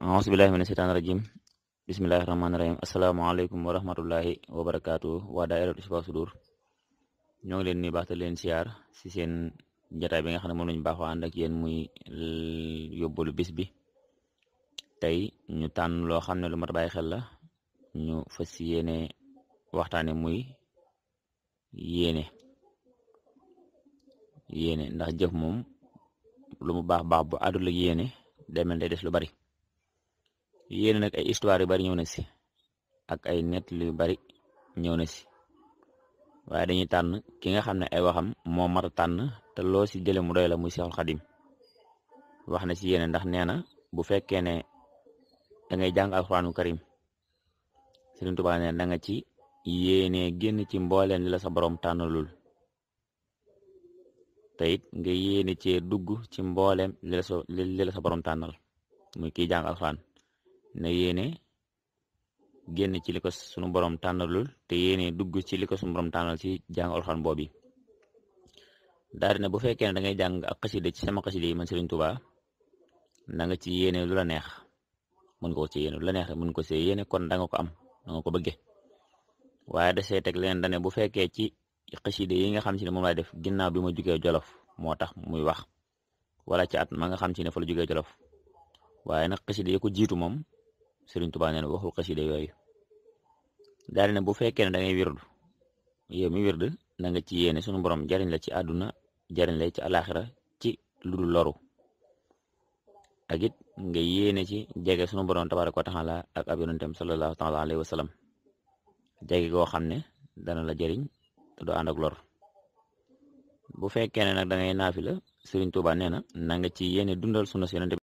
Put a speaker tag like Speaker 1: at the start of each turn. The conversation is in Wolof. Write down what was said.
Speaker 1: Bismillahirrahmanirrahim. Bismillahirrahmanirrahim. Assalamualaikum warahmatullahi wabarakatuh. Wa daayira Hizbut Sudur ñoo ngi leen ni baax te leen siyaar si seen jotaay bi nga xam ne moom lañu baaxoo ànd ak yéen muy yóbbalu bis bi tey ñu tànn loo xam ne lu mat bàyyi xel la ñu fas yéene waxtaane muy yéene yéene ndax jëf moom lu mu baax baax bu àddul ak yéene demel day des lu bari yéen nak ay histoire bari ñew na si ak ay net li bari ñew na ci waaye dañuy tan ki nga xamne ay waxam mo mat tan te lo si jele mu doy la muy Seexul khadim waxna ci yene ndax neena bu fekke ne da ngay jang alxuraanu karim serigne touba ne da nga ci yene genn ci mbolen la sa borom tanalul tayit nga yene ci dugg ci mbolen li la sa borom tanal muy ki jang na yéene génn ci li sunu borom tànnalul te yéene dugg ci li ko sunu borom tànnal ci jàng alxuraan boobu daal ne bu fekkee ne da ngay jàng ak xasida ci sama xasida yi man Serigne Touba na nga ci yéene lu la neex mën nga ko ci yéene lu la neex mën nga ko ci yéene kon danga ko am na nga ko bëggee waaye da see teg leneen da bu fekkee ci xasida yi nga xam si ne moom laay def ginnaaw bi ma jugee jolof moo tax muy wax wala ci at ma nga xam si ne fa la jugee jolof waaye ko jiitu moom. Sëriñ Tuubaa nee na waxul xasida yooyu daal ne bu fekkee ne dangay ngay wirdu yow mi wirdu na nga ci yéene sunu borom jariñ la ci àdduna jariñ la ci alaxira ci lu dul loru ak it nga yéene ci jege sunu borom tabaaraka wa taala ak ab yonentam sallallahu taala alayhi wa jege goo xam ne dana la jariñ te doo ànd lor bu fekkee ne nag da ngay naafi la Sëriñ Tuubaa ci yéene dundal sunu yonent